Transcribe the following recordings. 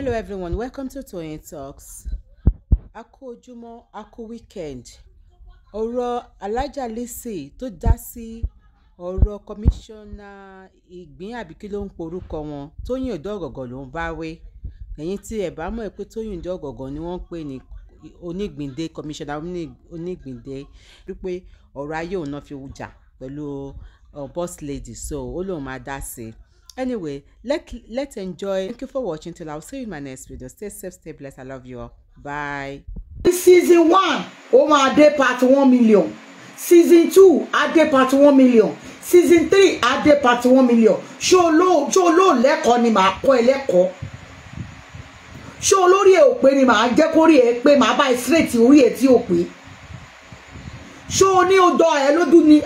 hello everyone welcome to Toyeen Talks a kú ojúmọ́ a kú weekend ọ̀rọ̀ alájà Lizzy tó dá sí ọ̀rọ̀ kọmíṣánná ìgbín àbíkí ló ń porúkọ wọn Tóyìn Ọ̀dọ́gọ̀gọ̀ ló ń bá wé ẹ̀yin tí ẹ̀ bá mọ̀ pé Tóyìn Ọ̀dọ́gọ̀gọ̀ ni wọ́n ń pè ní onígbìndé kọmíṣánná onígbìndé wípé ọ̀rọ̀ ayé òun náà fi jà pẹ̀lú uh, boss lady so ó lóun máa dá sí i Anyway, let, let's enjoy. Thank you for watching. Till I'll see you in my next video. Stay safe, stay blessed. I love you all. Bye. This season one, ó máa dé part one million. Season two, á dé part one million. Season three, á dé part one million. Show low, show low. lẹ́kọ̀ọ́ ni màá kọ́ ẹ lẹ́kọ̀ọ́? Ṣé olórí ẹ̀ ò pé ni màá jẹ́ kórí ẹ̀ pé màá bá ẹ straight orí ẹ̀ tí ò pé? Ṣé o ní o dọ̀ ẹ lójú ni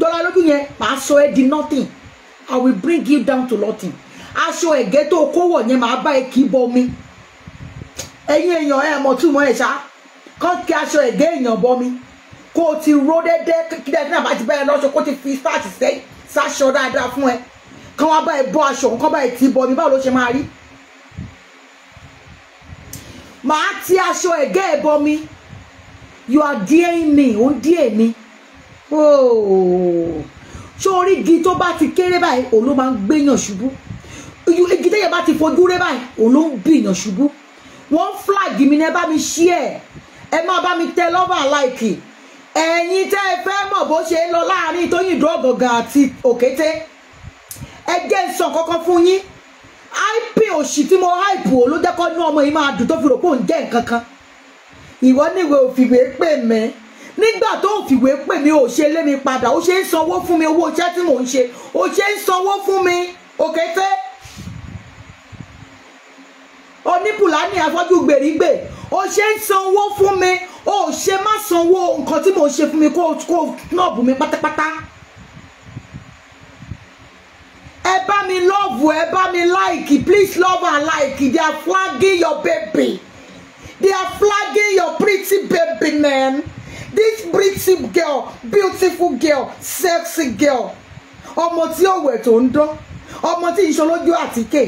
dọ́là lójú yẹn màá sọ ẹ di nothing? I will bring you down to nothing aṣọ ẹ̀gẹ́ tó kówọ̀ yẹn máa bá ẹ kì í bọ omi ẹ̀yin èèyàn ẹ̀ mọ̀ túmọ̀ ẹ̀ ṣá kán kí aṣọ ẹ̀gẹ́ èèyàn bọ mi kó o ti ró déédéé kí dáadáa náà bá ti bá ẹ lọ́ṣọ kó o ti fi fáàtì sẹ́yìn sáṣọ dáadáa fún ẹ kán wá bá ẹ bọ aṣọ kán bá ẹ tì í bọ mi báwo ló ṣe máa rí màá ti aṣọ ẹ̀gẹ́ ẹ̀ bọ mi you are dearing me ó ń díè mi Oh sórí igi tó bá ti kéré báyìí òun ló máa ń gbéyàn ṣubú igi tẹ́yẹ̀ bá ti fojú ré báyìí òun ló ń bìyàn ṣubú wọ́n flag mi ní ẹ bá mi ṣí ẹ̀ ẹ máa bá mi tẹ lọ́bà láìkì ẹ̀yin tẹ́ ẹ fẹ́ mọ̀ bó ṣe lọ láàrin Tóyìn Dúró Ọ̀gàngàn àti Òkété ẹ jẹ́ n sọ kọ́kọ́ fún yín áìpì òṣì tí mo áìpù ò ló jẹ́kọ́ inú ọmọ yìí máa dùn tó fi rò pé òun jẹ́ nǹkan kan ìwọ níwèé òfìwé pè mẹ́ nígbà tó ń fìwé pè mí ò ṣe lé mi padà ó ṣe ń sanwó fún mi owó iṣẹ́ tí mò ń ṣe ó ṣe ń sanwó fún mi òkété oníbùlání afọ́jú gbèrígbè ó ṣe ń sanwó fún mi ó ṣe má sanwó nǹkan tí mò ń ṣe fún mi kó kó nọ́ọ̀bù mi pátápátá ẹ bá mi lọ́ọ̀bù ẹ bá mi láìkì please love and like they are flagging your baby they are flagging your pretty baby man this pretty girl beautiful girl sexy girl ọmọ tí ọ̀wẹ̀ tó ń dán ọmọ tí ìṣọ́ lójú àtíkè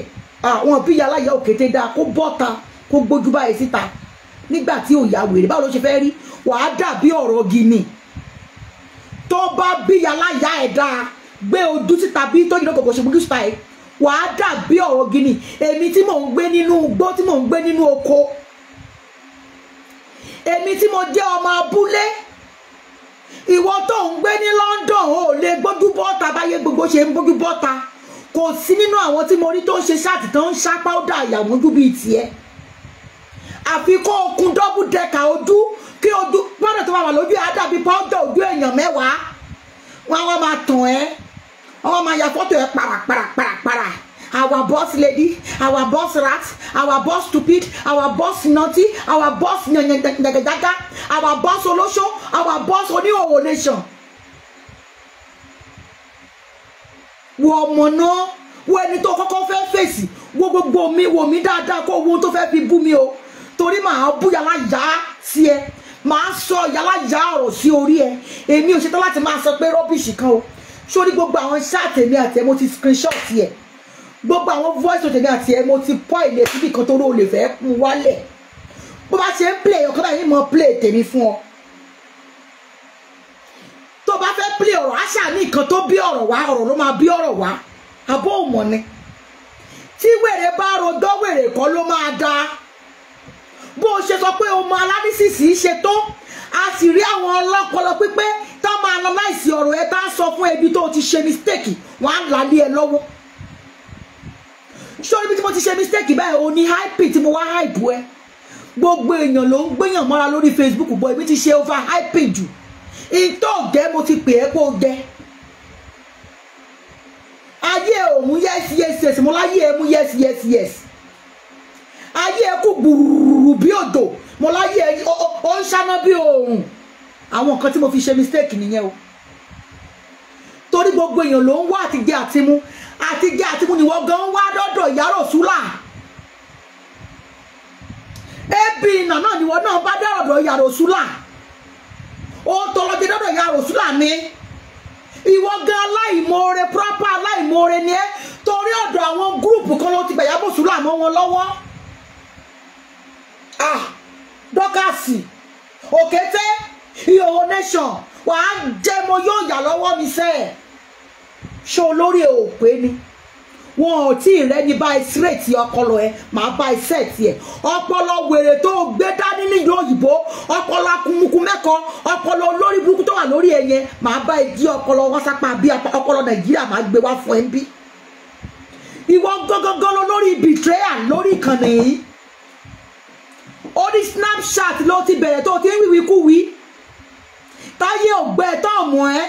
àwọn bíi aláya òkété dáa kó bọ́ta kó gbójú báyìí síta nígbà tí ò yá wèrè báwo ló ṣe fẹ́ rí wàá dàbí ọ̀rọ̀ gini tó bá bí aláya ẹ̀ dáa gbé ojú síta bí tó yìnbọn kòkò ṣègùn síta ẹ̀ wàá dàbí ọ̀rọ̀ gini èmi tí mò ń gbé nínú igbó tí mò ń gbé nínú oko èmi tí mo jẹ́ ọmọ abúlé ìwọ tó ń gbé ní London ò lè gbójú bọ́ta báyé gbogbo ṣe ń gbójú bọ́ta kò sí nínú àwọn tí mo rí tó ń ṣe ṣáàtì tó ń ṣá páódà àyàmójú bíi tiẹ̀ àfi kó o kun dọ́bù dẹ́ka ojú kí ojú pọ́dọ̀ tó bá wà lójú ẹ̀ dàbí páódà ojú èèyàn mẹ́wàá wọn á wọ́n máa tàn ẹ́ wọ́n máa ya fọ́tò ẹ̀ pàràpàràpàràpàrà our boss lady our boss rat our boss stupid our boss naughty our boss nyanyanyanyanyanyanya our boss olóṣó our boss oníhòòhò nation. wo ọmọ náà wo ẹni tó kọ́kọ́ fẹ́ fèsì wo gbogbo mi wo mi dáadáa kó wo tó fe fi bú mi o torí màá bú yàrá yá sí ẹ màá sọ yàrá yá ọ̀rọ̀ sí e. Emi o ò ṣetán láti máa sọ pé rọ́bìṣì kan o sórí gbogbo àwọn ṣáàtì èmi àti ẹ mo ti screenshot e gbogbo àwọn voice tó tèmi àti ẹ mo ti pọ́ ìlé síbi kan tó lóò lè fẹ́ kún wálẹ̀ bó bá ṣe ń play ọ̀kan báyìí mo play tèmi fún ọ tó bá fẹ́ play ọ̀rọ̀ àṣà ní nǹkan tó bí ọ̀rọ̀ wá ọ̀rọ̀ ló máa bí ọ̀rọ̀ wá àbó òmò ni tí wèrè bá rodọ́ wèrè kan ló máa da bó o ṣe sọ pé o mọ aládísìsì ṣe tó a sì rí àwọn ọlọ́pọlọ pípé tá máa lọ láìsí ọ̀rọ̀ ẹ tá sọ fún ẹbí tó ti ṣe mistake wọ́n á là lé ẹ lọ́wọ́ sórí bí tí mo ti ṣe mistake báyìí o ní hype tí mo wá hype ẹ gbogbo èèyàn ló ń gbéyàn mọ́ra lórí Facebook bọ́ ibi ti ṣe over hype jù ìtọ́ ọ̀gẹ́ mo ti pè é kó gẹ́ ayé òun yes yes yes mo láyé ẹ mú yes yes yes ayé ẹ kú gbùrù bí odò mo láyé ẹ ó ń ṣáná bí oòrùn àwọn nǹkan tí mo fi ṣe mistake nìyẹn o torí gbogbo èèyàn ló ń wá àtijẹ àtimú àti jẹ àti mu nìwọ gan wá dọdọ ìyárò súlà ebi ìnà náà nìwọ náà bá dọdọ ìyárò súlà ó tọrọ jẹ dọdọ ìyárò súlà ni ìwọ gan aláìmoore proper aláìmoore ni ẹ torí ọ̀dọ̀ àwọn gúrùpù kan ló ti gbà Ìyábọ̀ Sùúrà mọ́ wọn lọ́wọ́ ah dọ́kàsì òkété ìhòòhò nation wàá jẹ́ mo yóò yà lọ́wọ́ mi sẹ́ẹ̀ ṣé olórí ò pé ni wọn ò tí ì rẹ́ni bá ìsírètì ọpọlọ ẹ màá bá ìsẹ́ẹ̀tì ẹ ọpọlọ wèrè tó gbé dání nílùú òyìnbó ọpọlọ akumuku mẹ́kọ ọpọlọ olórí burúkú tó wà lórí ẹ yẹn màá bá ìdí ọpọlọ wọn sápá bí ọpọlọ nàìjíríà máa gbé wá fún ẹ ń bí ìwọ gọgọgọlọ lórí betrayal lórí ìkànnì yìí ó ní snapchat ló ti bẹ̀rẹ̀ tó ti ń wíwí kú wí táyé ògbẹ́ tọ́ọ̀mù ẹ́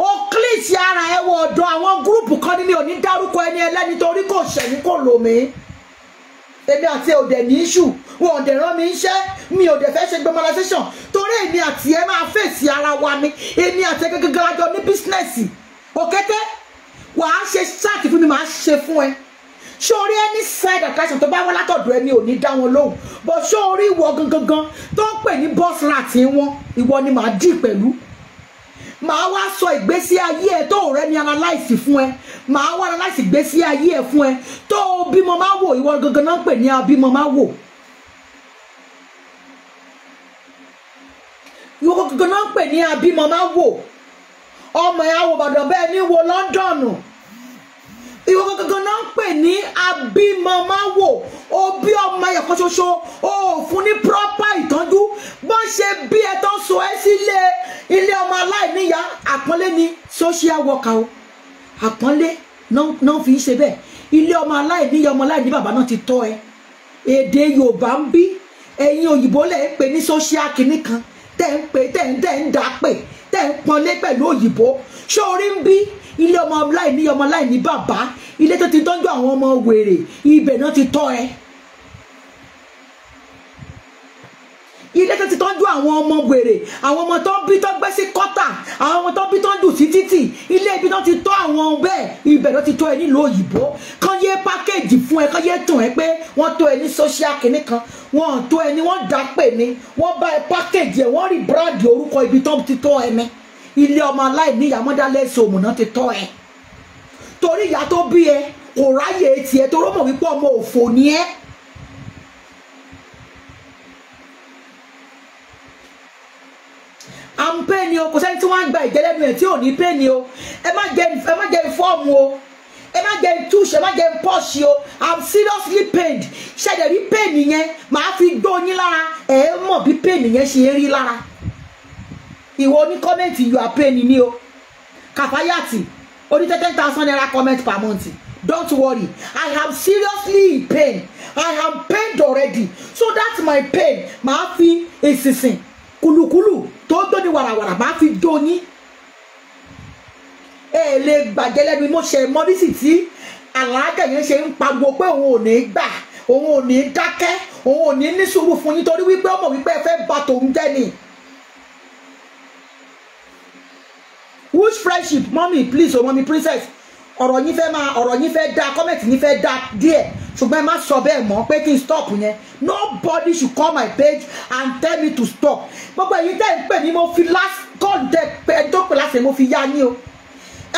o kílìsì ara ẹ wọ ọ̀dọ̀ àwọn gúrùpù kan nílé òní dárúkọ ẹni ẹlẹ́ni torí kò ṣẹ̀yìn kò lò mí èmi àti òdè ní iṣu wọn òdè rán mi iṣẹ́ mi òdè fẹ́ ṣe globalization torí èmi àti ẹ máa fèsì ara wa mi èmi àti ẹ gẹ́gẹ́ àjọ ní bísínẹ́sì òkété wàá ṣe ṣáàtì fún mi màá ṣe fún ẹ ṣé orí ẹni side attraction tó bá wọ́n látọ̀dọ̀ ẹni ò ní dá wọn lóhùn bó ṣé orí ìwọ gangan tó ń pè ní boss rat wọn ìwọ ni màá dì pẹ̀lú màá wá sọ ìgbésí ayé ẹ tó rẹ ní analyse fún ẹ màá wá analyse ìgbésí ayé ẹ fún ẹ tó o bímọ máa wò ìwọ gangan náà ń pè ní abímọ máa wò. ìwọ gangan náà ń pè ní abímọ máa wò ọmọ ẹ àwòbàdàn bẹ́ẹ̀ ní wo London. No ìwọ gangan náà ń pè ní abímọmáwò òbí ọmọ ẹ̀kọ́ ṣoṣo òfun ní proper ìtọ́jú bó ń ṣe bí ẹ tó ń so ẹ sílé ilé ọmọ aláìníyá àpọ́nlé ni social worker o àpọ́nlé náà fi ń ṣe bẹ́ẹ̀ ilé ọmọ aláìníyá ọmọ aláìní bàbá náà ti tọ́ ẹ èdè Yorùbá ń bí ẹ̀yin òyìnbó lẹ̀ ń pè ní social kìíní kan tẹ̀ ń pè tẹ̀ ń dà pè tẹ̀ ń pọ́nlé pẹ̀lú òyìnbó ṣé orí ń bí ilé ọmọ láì ní ọmọ láì ní bàbá ilé tó ti tọ́jú àwọn ọmọ wèrè ibẹ̀ náà ti tọ́ ẹ. ilé tó ti tọ́jú àwọn ọmọ wèrè àwọn ọmọ tó ń bí tó gbé sí kọ́tà àwọn ọmọ tó ń bí tó ń dùn sí títì ilé ibi náà ti tọ́ àwọn bẹ́ẹ̀ ibẹ̀ náà ti tọ́ ẹ nílùú òyìnbó kán yé pákéèjì fún ẹ kán yé tàn ẹ pé wọ́n tó ẹ ní sọ́ṣíà kìíní kan wọ́n tó ẹ ní wọ́n dá pè ní wọ́n bá ẹ pákéèjì ẹ wọ́n rí bíráàdì orúkọ ibi tó ti tọ́ ẹ mẹ́ ilé ọmọ aláìní ìyá mọ́dálẹ́sẹ̀ òmùná ti tọ́ ẹ torí ìyá tó bí ẹ kò ráyè tiẹ̀ tó rọ́mọ̀ wípé ọmọ òfò ni ẹ́. à ń pè ní o kò sẹ́ni tí wọ́n á gba ìjẹ́lẹ́nu ẹ̀ tí ò ní pè ní o ẹ má jẹ ẹ má jẹ fọ́ọ̀mù o ẹ má jẹ túṣe ẹ má jẹ pọ́ọ̀ṣì o i'm seriously pained ṣẹ̀dẹ̀ rí pain yẹn màá fi gbó yín lára ẹ̀ mọ̀ bí pain yẹn ṣe rí lára ìwọ oní kọ́mẹ̀ntì you are paying ni o kàfáyàtì oní ten thousand naira comment per month don't worry i am seriously in pain i am pained already so that's my pain màá fi ìsinsìn kùlùkùlù tó ń dóni wàràwàrà màá fi dóyin ẹ lè gbàjẹ́ lẹ́nu mo ṣe mọ́nísì tí àlàájá yẹn ṣe ń pariwo pé òun ò ní gbà òun ò ní dákẹ́ òun ò ní ní sùúrù fún yín torí wípé ọmọ wípé ẹ fẹ́ bà tòun jẹ́ ni. whose friendship mommy? please o oh, mọ́mí princess ọ̀rọ̀ yín fẹ́ máa ọ̀rọ̀ yín fẹ́ dáa comment yín fẹ́ dáa díẹ̀ ṣùgbọ́n ẹ má sọ bẹ́ẹ̀ mọ́ pé kí n stop yẹn nobody should call my page and tell me to stop gbogbo èyí tẹ́ ń pè ní mo fi last call dẹ pé ẹ dọ́pẹ́ láti ẹ̀ mo fi yá yín o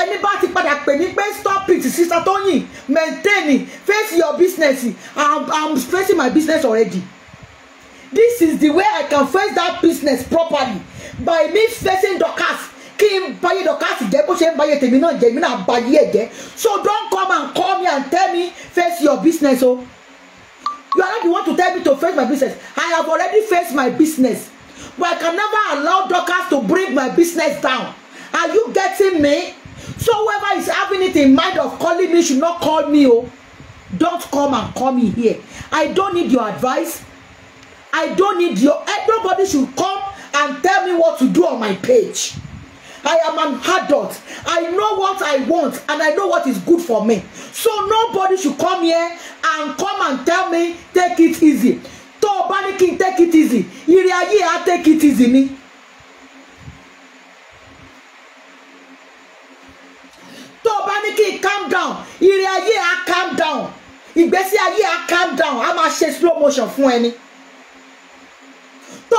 ẹni bá ti padà pè ní pé stop it sister Toyin maintain face your business i'm i'm facing my business already this is the way i can face that business properly by me facing the cast kí n bayé dọ̀kásì jẹ́ bó ṣe ń bayé tèmi náà jẹ́ èmi náà bayé ẹ̀ jẹ́ so don come and call me and tell me face your business o oh. you are not the to tell me to face my business I have already faced my business but I can never allow Dorcas to bring my business down are you getting me so whoever is having it in mind of calling me should not call me o oh. don't come and call me here I don't need your advice I don't need your eh, nobody should come and tell me what to do on my page I am an adult. I know what I want and I know what is good for me. So nobody should come here and come and tell me take it easy. Tobaniki, take it easy, ìrìn I take it easy me. Tobaniki, calm down, ìrìn I calm down. Ìgbésí ayé á calm down, I'm a ṣe slow motion fún ẹni. Tó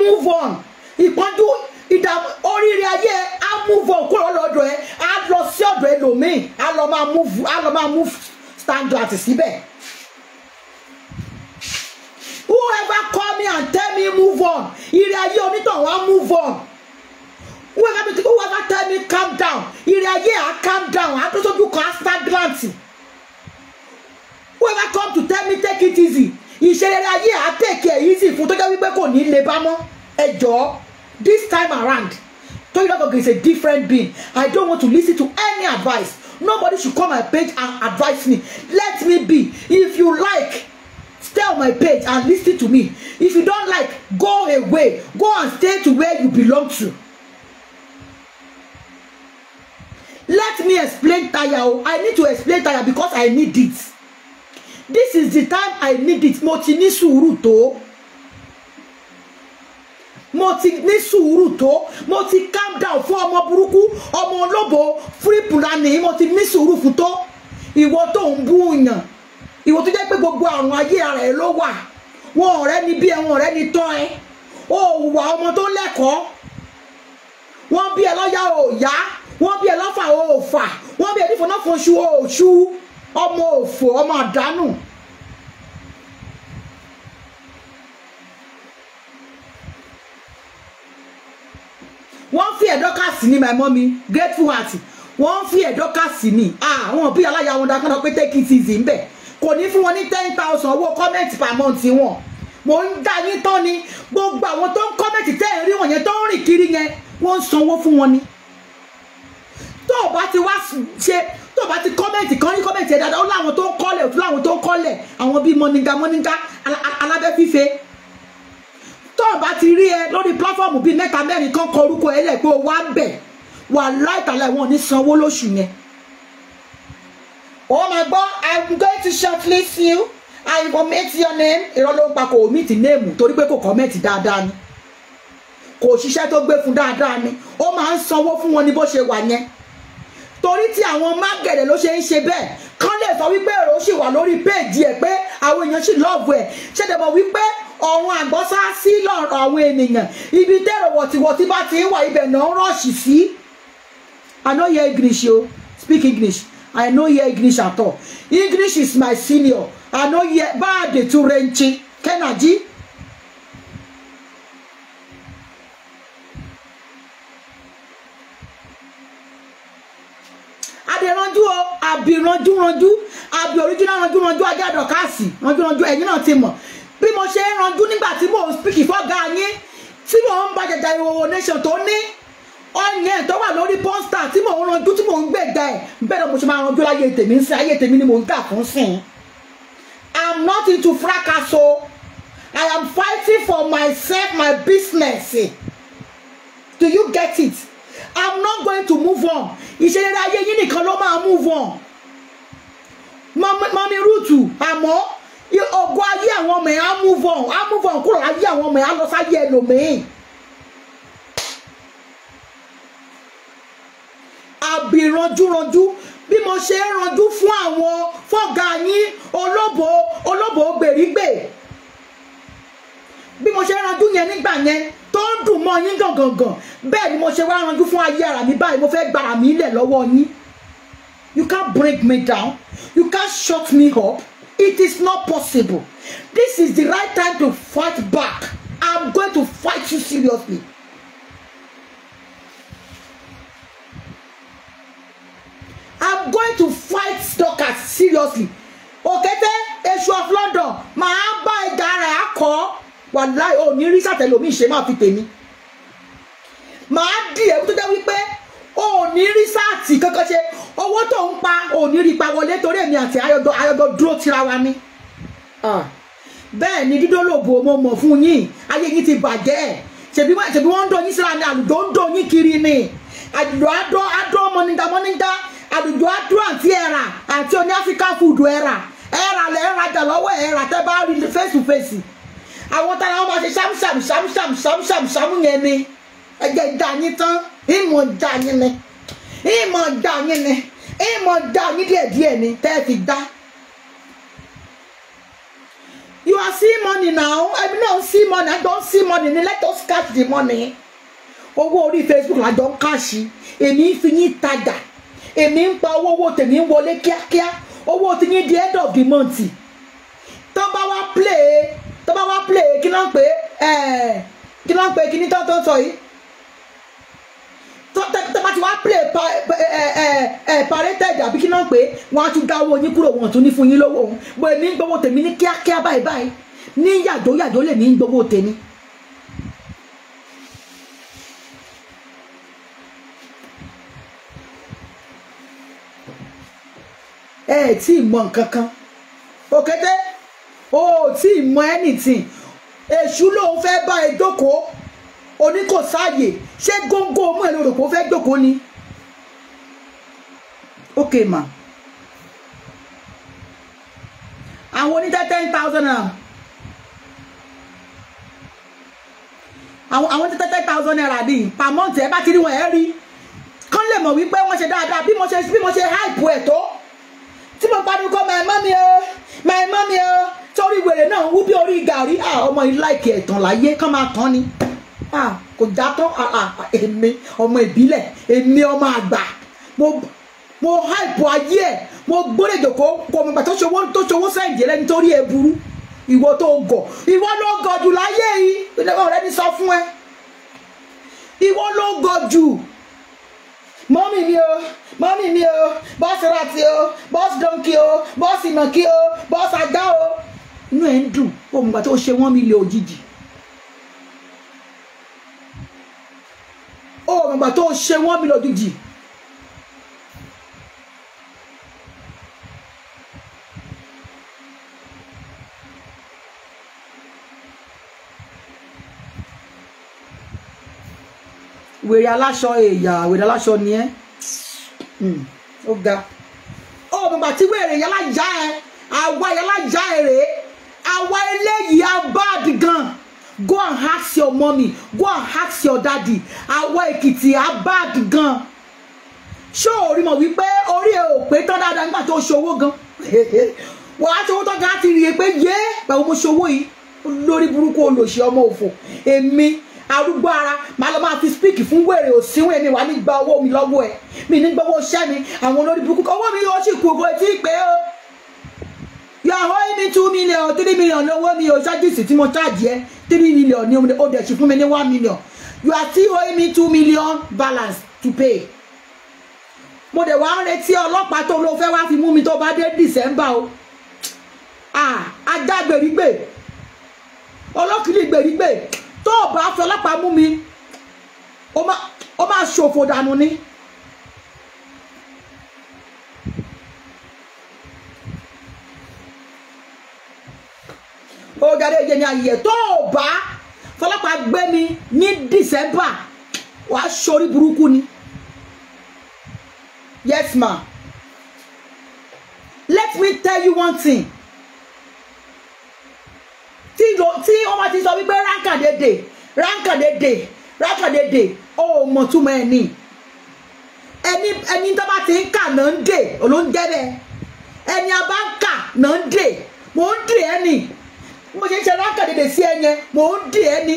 move on, ìpọ́njú ìdààmú oríire ayé ẹ á move ẹ á lọ sí ọ̀dọ̀ ẹlòmíì á lọ máa move á lọ máa move standard síbẹ̀. whoever call me and tell me move on ire ayé onítọ̀hún á move on whoever tell me calm down ire ayé á calm down á tó sójú kan á stagnant whoever come to tell me take it easy ìṣeré ayé á take it easy fún tó jẹ́ wípé kò ní í le bá mọ́ ẹ jọ̀ọ́ this time around Toyin is a different being I don't want to listen to any advice nobody should come my page and advise me let me be if you like stay on my page and listen to me if you don't like go away go and stay to where you belong to let me explain Taya. o i need to explain Taya because i need it this is the time i need it mo ti ní sùúrù tó mo ti ní sùúrù tó mo ti calm down fún ọmọ burúkú ọmọ olóbo fúrìpùlánì mo ti ní sùúrù fún tó ìwọ tó ń bú yàn ìwọ tó jẹ́ pé gbogbo àrùn ayé ara ẹ̀ ló wà wọn ọ̀rẹ́ ni bí ẹ wọn ni tọ́ ẹ ó wà ọmọ tó lẹ́kọ̀ọ́ wọ́n bí ẹ lọ́yà ò yá wọ́n bí ẹ lọ́fà ò fà wọ́n bí ẹ nífọ̀ọ́ náà fún oṣù oṣù ọmọ òfò ọmọ àdánù wọ́n fi ẹ̀dọ́ kà sí ni my mommy grateful heart wọ́n fi ẹ̀dọ́ kà sí ni ah, àwọn òbí aláya wọn dákẹ́ náà pé take it easy ńbẹ̀ kò ní fún wọn ní ten thousand owó comment per month wọn mo ń dá yín tán ni gbogbo àwọn tó ń comment tẹ́ ẹ̀ rí wọn yẹn tó ń rìn kiri yẹn wọ́n ń sanwó fún wọn ni tó o bá ti wá ṣe tó o bá ti kọ́mẹ̀ntì kan ní kọ́mẹ̀ntì ẹ̀ dáadáa ó láwọn tó ń kọ́lẹ̀ ó láwọn tó ń kọ́lẹ̀ àwọn bíi mọ̀nìgà mọ̀nìgà alábẹ́ fífe tó o bá ti rí ẹ lórí pílọ́fọ̀mù bíi mẹ́ta mẹ́rin kan kọ orúkọ ẹ lẹ̀ pé o wá bẹ̀ wà láìtàlẹ̀ wọn ní sanwó lóṣù yẹn. ó máa gbọ́ i'm going to shortlist you i will meet your name irọ́ ló ń pa kò meet name torí pé kò kọ́mẹ́ẹ̀tì dáadáa ni kò ṣiṣẹ́ tó gbé fún dáadáa ni ó máa ń sanwó fún wọn ní bó ṣe wà yẹn torí tí àwọn mágẹ̀rẹ̀ ló ṣe ń ṣe bẹ́ẹ̀ kán lè sọ wípé èrò ṣì wà lórí péèjì ẹ̀ pé àwọn èèyàn ṣì lọ́ọ̀bù ẹ̀ ṣẹ̀dẹ̀ mọ̀ wípé ọ̀run àgbọ́sá sí lọ́rọ̀ àwọn ènìyàn ibi tẹ́rọ wọ̀tíwọ̀tí bá ti ń wà ibẹ̀ náà rọ̀ṣì sí I no hear English o speak English I no hear English at all English is my senior I no hear báàdì turenchi kẹ́nàjí. adẹranjú o àbí ranjú ranjú àbí original ranjú ranjú ajá dọ̀kásì ranjú ranjú ẹ̀yin náà ti mọ̀ mo ṣe ń ranjú nígbà tí mò speak fọ́gà yín tí mò ń bàjẹ́jà ìhòòhò nation tó ní ọyàn ẹ̀ tó wà lórí pọ́ńsítà tí mò ń ranjú tí mò ń gbẹ̀dà bẹ́ẹ̀ mo ṣe máa ranjú láyé tèmi sí ayé tèmi ni mò ń gà fún sìn I'm not into fracasso I am fighting for myself my business do you get it I'm not going to move on ìṣẹ̀lẹ̀ ayé yín nìkan ló máa move on mami rúùtù àmọ́ ògo ayé àwọn ọmọ yẹn á move on á move on kúrò láyé àwọn ọmọ yẹn á lọ sáyé ẹlòmíín. àbí bí mo ṣe ń ranjú fún àwọn fọ́gà yín olóbò olóbò gbèrígbè bí mo ṣe ń ranjú yẹn nígbà yẹn tó ń dùn mọ́ yín gangan bẹ́ẹ̀ ni mo ṣe wá ranjú fún ayé ara mi báyìí mo fẹ́ gbára mi lẹ̀ lọ́wọ́ yín you can't break me down you can't shut me up It is not possible. This is the right time to fight back. I'm going to fight you seriously. I'm going to fight stalkers seriously. Òkété Èṣù of London màá bá ẹja rẹ̀ akọ wàláì ò ní rí sàtẹ̀lómi ṣe máa fi tèmi. Màá di ẹ̀rú tó jẹ́ wípé o ò ní rí sáàtì kankan ṣe owó tó ń pa o ò ní rí pa wọlé torí èmi àti ayọ̀dọ̀ ayọ̀dọ̀ dúró tira wa ni bẹ́ẹ̀ ni dídólòbò mo mọ̀ fún yín ayé yín ti bàjẹ́ ṣèbí wọ́n ń dọ̀ yín síra ni àlùdó ń dọ̀ kiri ni àlùdó adó adó mọ́nìdá mọ́nìdá àlùjọ àdúrà àti ẹ̀rà àti oní áfíríkà fúdù ẹ̀rà ẹ̀rà lẹ̀ ẹ̀rajà lọ́wọ́ ẹ̀rà tẹ́ bá rí fèsì fèsì àwọn tára wọn máa ṣe ṣámṣàm ṣámṣàm ṣámṣàm yẹn ni ẹ̀jẹ̀ ìdá tán ìmọ̀ já yín ni ìmọ̀ já yín ni ìmọ̀ já yín díẹ̀díẹ̀ ni tẹ́ ẹ fi dá. you are seeing money now ẹbí náà ń see money i don see money ni let us catch the money owó orí facebook la jọ ń káàṣì èmi ń fi yín tajà èmi ń pa owó owó tèmi ń wọlé kíákíá owó ti yín di end of the month tó bá wá play tó bá wá play kí ló ń pè é eh, kí ló ń pè é kí ní tó tó sọ yìí tọ́ba ti wá play eh, eh, eh, parented àbí kí náà pé wọ́n á tún dá owó yín kúrò wọ́n tún ní fún yín lówó òun bó ní gbowó tèmi ní kíákíá báyìí báyìí ní yàjó yàjó lè ní gbowó tèmi. ẹ ẹ tí ì mọ nǹkan kan òkété o ò tí ì mọ anything èṣù lòun fẹ́ bá ẹ jókòó oní kò sáàyè ṣé góńgó ọmọ ẹ lórí òpó fẹ́ jókòó ni ok ma àwọn oníta ten thousand naira àwọn àwọn oníta ten thousand naira ni per month ẹ bá ti rí wọn ẹ rí kán lè mọ̀ wípé wọ́n ṣe dáadáa bí mo ṣe bí mo ṣe hype ẹ̀ tó tí mo pariwo kọ́ my mommy o my mommy o torí wèrè náà wú bí orí gàrí ọmọ ilé ìkẹ́ ẹ̀tàn láyé kán máa tán ni kò já tán èmi ọmọ ìbílẹ̀ èmi ọmọ àgbà mo mo hype ayé ẹ̀ mo gbọ́dọ̀ jòkó kò mọ̀gbà tó ṣòwò tó ṣòwò sẹ́ǹdì ẹlẹ́ni torí ẹ burú ìwọ tó gọ̀ ìwọ ló gọ̀ jù láyé yìí ọ̀rẹ́ mi sọ fún ẹ ìwọ ló gọ̀ jù mọ́mì mi o mọ́mì mi o bọ́ọ̀sì rati o bọ́ọ̀sì dọ́ǹkì o bọ́ọ̀sì mọ̀kì o bọ́ọ̀sì àgbá o inú ẹ̀ ń dùn kò mọ̀gbà tó ṣe wọ́n mi lè òjijì ó oh, mọ̀gbà tó ṣe wọ́n mi lójijì. wèrè aláṣọ èèyà wèrè aláṣọ ni ẹ hmm, ó ga ó oh, mọ̀gbà tí wèrè yàrá já ẹ àwa yàrá já ẹ rèé àwa eléyìí abáàdì gan-an go and ask your mommy go and ask your daddy àwa èkìtì á bad gan ṣé o rí mọ̀ wípé orí ẹ ò pé tán dáadáa nígbà tó ṣòwò gan wọ́n á ṣòwò tán gan á ti rí i pé yé pẹ̀lú mo ṣòwò yìí lórí burúkú olòṣì ọmọ òfò èmi arúgbó ara màá lọ máa fi speak fún wèrè òsínwó èmi wà ní gba owó mi lọ́wọ́ ẹ̀ mi ní gbọ́wọ́ iṣẹ́ mi àwọn olórí burúkú kan owó mi ó sì kú kò tí ì pé o yàwó mi two million three million lọ́wọ́ mi ò ṣáàjì sí tí mo ṣáàjì ẹ three million ní o dẹ̀ ṣe fún mi ní one million you are still owing me two million balance to pay mo dẹ̀ wá ń retí ọlọ́pàá tó ló fẹ́ wá fi mú mi tó bá dé December o ah, ajá gbèrígbè ọlọ́kìlì gbèrígbè tó o bá fi ọlọ́pàá mú mi ó máa ṣòfò dànù ni. ọ̀dàdé yẹmi ayẹ tó o bá fọlọ́pàá gbé mi ní December wàá sori burúkú ni yes ma let me tell you one thing tí tí wọ́n bá ti sọ wípé ránkà dédè ránkà dédè ránkà dédè ó mọ̀ túmọ̀ ẹ̀ ní ẹni ẹni tó bá ti ń kà náà ń dè ló ń jẹ́ bẹ́ẹ̀ ẹni a bá ń kà náà ń dè mo ṣe ń ṣe rákàdédè sí ẹ yẹn mò ń dì ẹ ní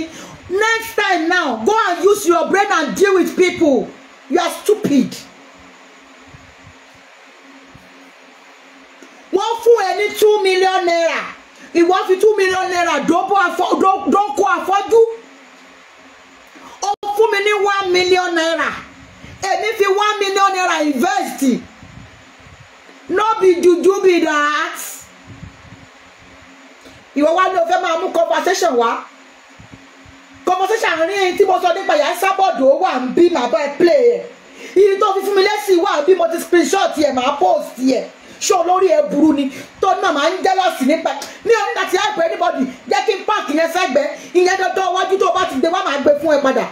next time now go and use your brain and deal with people you are stupid. wọ́n fún ẹ ní two million naira ìwọ fi two million naira dókò àfọ́jú ó fún mi ní one million naira èmi fi one million naira invest no be juju be that ìwọ wá ní o fẹ́ máa mú conversation wá conversation àárín tí mo sọ nípa ìyá sábọ̀dù ó wà ń bí màá bá ẹ play ẹ̀ iye tó fi fún mi lẹ́sìn wà bí mo ti screenshot ẹ̀ màá post ẹ̀ ṣé olórí ẹ burú ni tó náà máa ń jẹ́lọ́sì nípa ní ọdún láti help anybody jẹ́ kí n park yẹn sẹ́gbẹ̀ẹ́ ìyẹn dandan iwájú tó o bá ti gbé wá máa gbé fún ẹ padà.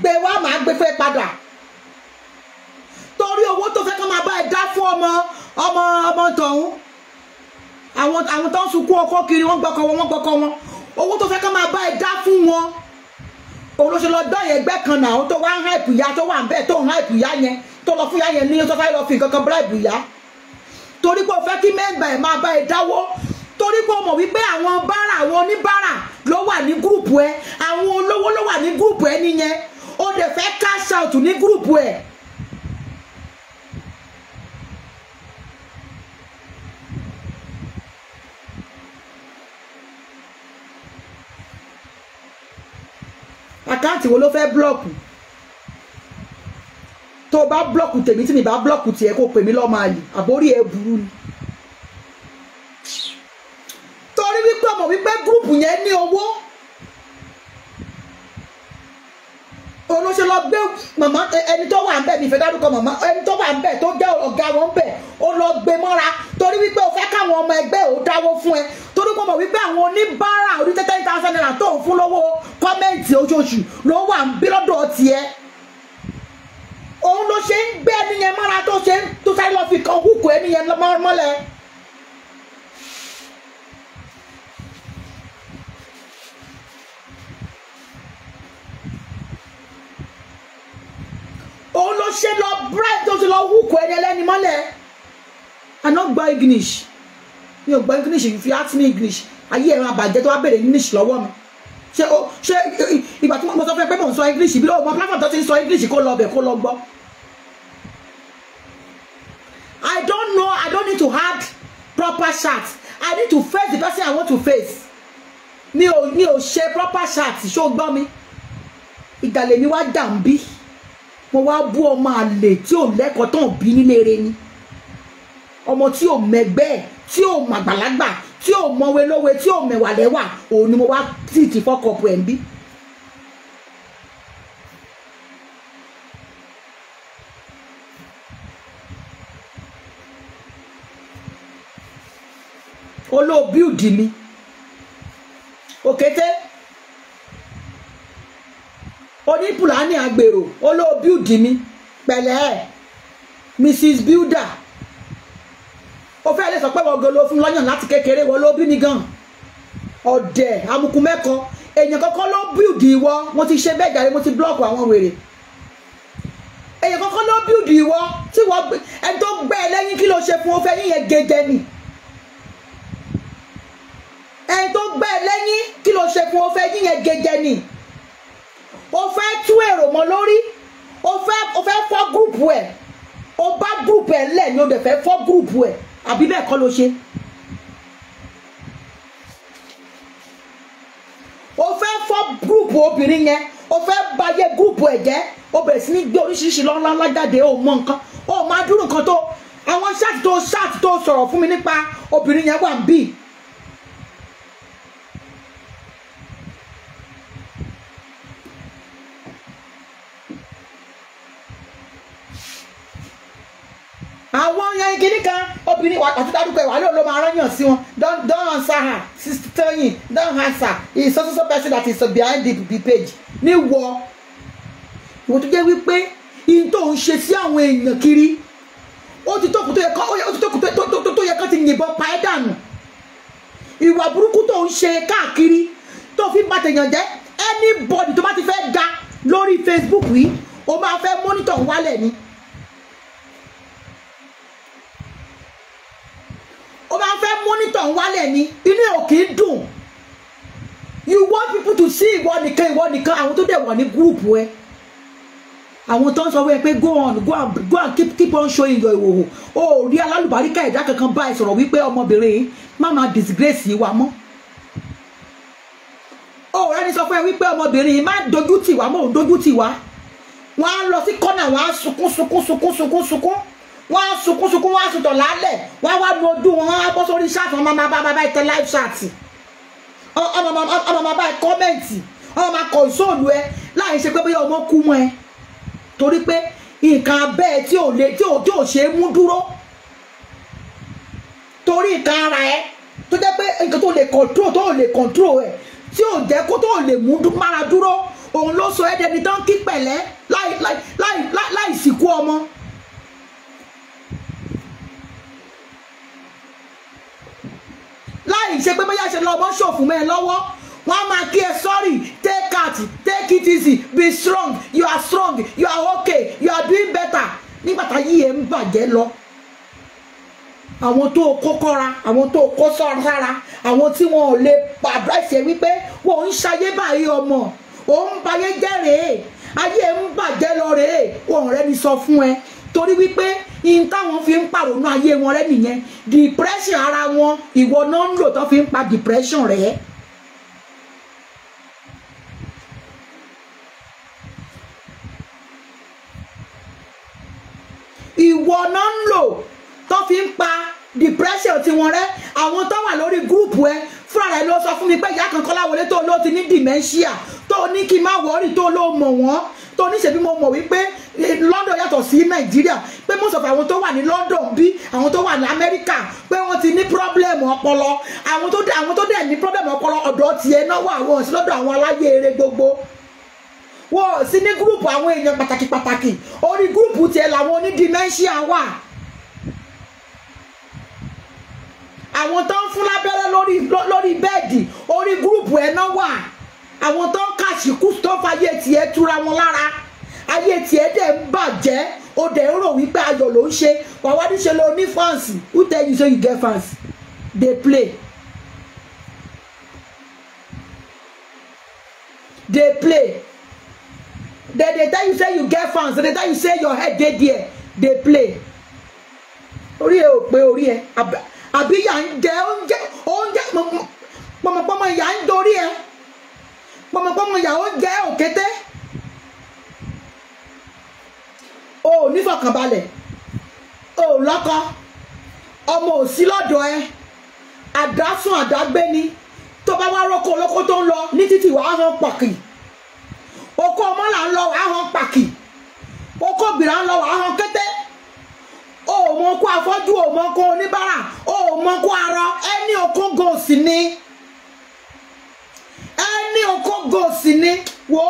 gbé wá màá gbé fẹ́ padà torí owó tó fẹ́ kọ́ máa bá ẹ dá fún ọmọ ọmọ ọmọ tọ̀hún àwọn àwọn tó ń sunkún ọkọ kiri wọ́n gbọ́kọ wọn wọ́n gbọ́kọ wọn owó tó fẹ́ kọ́ máa bá ẹ dá fún wọn òun ló ṣe lọ dán ẹgbẹ́ kan náà ó tó wá ń háìpù ìyá tó wà ń bẹ́ẹ̀ tó ń háìpù ìyá yẹn tó lọ fún ìyá yẹn ní ó tó fẹ́ lọ fi nǹkan kan bíráìbù ìyá torí pé o fẹ́ kí mẹ́gbà ẹ̀ máa bá ẹ dáwó torí pé o mọ̀ wípé àwọn bára àwọn oníbàárà ló wà ní gúrùpù ẹ àwọn olówó ló wà ní gúrùpù ẹ nìyẹn ó dẹ̀ fẹ́ cash out ní gúrùpù ẹ̀. àkáǹtì wo ló fẹ́ blọ́ọ̀kù tó o bá blọ́ọ̀kù tèmi tí mi bá blọ́ọ̀kù tiẹ̀ kó o pè mí lọ́mọ àlè àbórí ẹ burú ni. torí wípé ọmọ wípé gúrùpù yẹn ní owó. olóṣè lọ gbé màmá ẹni tó wà nbẹ nífẹ̀ẹ́ dárúkọ màmá ẹni tó wà nbẹ tó jẹ́ ọ̀gá wọn nbẹ ó lọ gbé mọ́ra torí wípé o fẹ́ káwọn ọmọ ẹgbẹ́ ò dáwó fún ẹ torí kò mọ̀ wípé àwọn oníbàárà orí tẹ́tẹ́ thousand naira tó ń fún lọ́wọ́ kọ́mẹ́ǹtì oṣooṣù ló wà ń bí lọ́dọ̀ tiẹ̀ òun ló ṣe ń gbé ẹni yẹn mọ́ra tó ṣe tó sáré lọ fi kan kúkú ẹni yẹn mọ́lẹ̀ ṣe lọ bribe tó ṣe lọ wúkọ ẹni ẹlẹ́ni mọ́lẹ̀ àná gbọ́ english mi ò gbọ́ english fi ask me english ayé ẹ̀rọ àbàjẹ́ tó wá bèrè english lọ́wọ́ mi ṣé o ṣé ìgbà tí mo sọ fún ẹ pé mò ń sọ english bí lọ́wọ́ mọ platform tó ti ń sọ english kó lọ bẹ̀ kó lọ gbọ́ i don't know i don't need to add proper chat i need to face the person i want to face mi ò mi ò ṣe proper chat ṣó gbọ́ mi ìgbàlè mi wá dà ń bí wọ́n wá bú ọmọ àlè tí ò lẹ́kọ̀ọ́ tán bí nílé re ni ọmọ tí ò mẹgbẹ́ ẹ̀ tí ò màgbàlagbà tí ò mọ̀wé lówe tí ò mẹ̀wà lẹ́wà òun ni mo wá sì ti fọ́kọ̀pù ẹ̀ ń bí. olóòbí ùdí mi òkété. Okay, onípùlání àgbèrò olóòbíùdì mi pẹ̀lẹ́ mrs builder ó fẹ́ lè sọ pé wọ́n gan ló fún lọ́yàn láti kékeré wọ́n ló bí mi gan ọ̀dẹ̀ amukú mẹ́kọ èèyàn kọ́kọ́ ló bíùdì ìwọ mo ti ṣe bẹ́ẹ̀ jàre mo ti blọ́ọ̀kù àwọn wèrè èèyàn kọ́kọ́ ló bíùdì ìwọ tí wọ́n ẹni tó gbẹ́ ẹ lẹ́yìn kí ló ṣe fún ọfẹ́ yín yẹn ni ẹni tó gbẹ́ ẹ lẹ́yìn kí ló ṣe fún ọfẹ́ yín yẹn ni o fẹ́ tú èrò mọ́ lórí o fẹ́ o fẹ́ fọ́ gúrùpù ẹ̀ o bá gúrùpù ẹ̀ lẹ̀ ni o dẹ̀ fẹ́ fọ́ gúrùpù ẹ̀ àbí bẹ́ẹ̀ kọ́ ló ṣe. o fẹ́ fọ́ gúrùpù obìnrin yẹn o fẹ́ bayé gúrùpù ẹ̀ jẹ́ o bẹ̀rẹ̀ sí ní gbé oríṣiríṣi lọ́nlá jáde o mọ nǹkan o máa dúró nǹkan tó àwọn ṣáàtì tó ṣáàtì tó sọ̀rọ̀ fún mi nípa obìnrin yẹn wà ń bíi àwọn yan igi kan obìnrin àti dárúkọ ìwà lóò ló máa rányàn sí wọn don don answer her sister toyin don answer is so so so person that is behind the, the page ní wọ ìwọ tó jẹ́ wípé ihun tó ń ṣe sí àwọn èèyàn kiri ó ti tó kù tó yẹ kó ó ti tó kù tó yẹ kó ti yìnbọn pa ẹ́ dànù ìwà burúkú tó ń ṣe káàkiri tó fi bá tèèyàn jẹ́ anybody tó bá ti fẹ́ ga lórí Facebook yìí o máa fẹ́ monitor wálẹ̀ ni. ni inú ẹ̀ ò kì í dùn you want people to see ìwọ nìkan ìwọ nìkan àwọn tó dẹ̀ wà ní gúrùpù ẹ àwọn tó ń sọ wípé go on go on go on keep keep on showing your ìwòwò o ò rí alálùbáríkà ẹ̀dá kankan bá ẹ sọ̀rọ̀ wípé ọmọbìnrin má máa disgrace wa mọ́ o ò rẹ́ni sọ fún ẹ wípé ọmọbìnrin má dojú tì wá mọ́ ò dojú tì wá wọ́n á lọ sí kọ́nà wọ́n á sunkún sunkún sunkún sunkún sunkún wọ́n á sunkún sunkún wọ́n á sùn dọ̀là alẹ̀ wọ́n á wá lu ojú wọn wọ́n á bọ́ sórí ṣáàtì wọn máa bá bàbá ìtẹ́ live chat ọmọ bàbá kọ́mẹ̀ntì ọmọ máa kọ̀ ìsóòlù ẹ láì ṣe pé bóyá ọmọ kú mọ́ ẹ torí pé nǹkan abẹ́ tí ò lè tí ò tí ò ṣe é mú dúró torí nǹkan ara ẹ tó jẹ́ pé nǹkan tó lè control tó lè control ẹ tí ò jẹ́ kó tó lè mú mára dúró òun ló sọ ẹ́ dẹni tán kí pẹ̀lẹ́ láì láì láì láì sìnkú ọmọ. ṣe pé bóyá ṣe lọ ọmọ ṣòfò mẹ́ ẹ lọ́wọ́ wọ́n á máa kí ẹ sorry take out take it easy be strong you are strong you are okay you are doing better nígbà tá yí ẹ ń bàjẹ́ lọ àwọn tó kó kọ́ra àwọn tó kó sọ́ra àwọn tí wọn ò lè pàdé ṣe wípé wọn ò ń ṣayé báyìí ọmọ ò ń bayé jẹ́ rèé ayé ń bàjẹ́ lọ rèé wọn ò rẹ́ni sọ fún ẹ torí wípé in táwọn fi ń pàrònú ayé wọn rẹ nìyẹn depression ara wọn ìwọ náà ń lò tó fi ń pa depression rẹ. ìwọ náà ń lò tó fi ń pa depression tiwọn rẹ àwọn tó wà lórí gúrùpù ẹ fúnra rẹ ló sọ fún mi pé ìyá kan Kọ́láwọlé tó ló ti ní dementia tó ní kí n má wọrí tó ló mọ̀ wọ́n tó ní ṣèbí mo mọ̀ wípé London yàtọ̀ sí Nàìjíríà pé most of àwọn tó wà ní London bí àwọn tó wà ní Amẹ́ríkà pé wọ́n ti ní problem ọpọlọ àwọn tó àwọn tó dẹ̀ ní problem ọpọlọ ọ̀dọ̀ tiẹ̀ náà wà wọ́n sí lọ́dọ̀ àwọn aláyé eré gbogbo wọ́n sí ní gúrùpù àwọn èèyàn pàtàkì pàtàkì orí gúrùpù tiẹ̀ làwọn oní dementia wà àwọn tó ń fún lábẹ́rẹ́ lórí lórí bẹ́ẹ̀dì orí gúrùpù ẹ̀ náà wà àwọn tó ń kàṣíkù tó fàyè tiẹ̀ túra wọn lára ayé tiẹ̀ dẹ̀ ń bàjẹ́ o dẹ̀ ń rò wípé ayọ̀ ló ń ṣe wà wá níṣe ló ní fans who tell you say you get fans dey play dey play dem dey tell you say you get fans dem dey tell you say your head dey there dey play orí ẹ ò pé orí ẹ àbí yà ń jẹ oúnjẹ oúnjẹ pọmọpọmọ ìyá ń dorí ẹ pọmọpọmọ ìyá oúnjẹ òkété. o ò nífọ̀kànbalẹ̀ o ò lọ́kọ ọmọ ò sí lọ́dọ̀ ẹ àdásùn àdágbé ni tó bá wá rọ́kọ olóko tó ń lọ ní títì wàá hàn pàkì oko ọmọ là ń lọ wàá hàn pàkì oko bìrà ń lọ wàá hàn kété o ò mọ kó afọ́jú o ò mọ kó oníbàárà o ò mọ kó arọ ẹni okó gòsì ni ẹni okó gòsì ni wò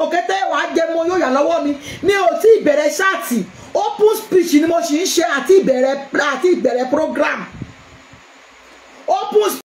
òkété wàá jẹ mo yóò yà lọ́wọ́ mi mi ò tí ì bẹ̀rẹ̀ ṣáàtì open speech ni mo sì ń ṣe àti ìbẹ̀rẹ̀ àti ìbẹ̀rẹ̀ program open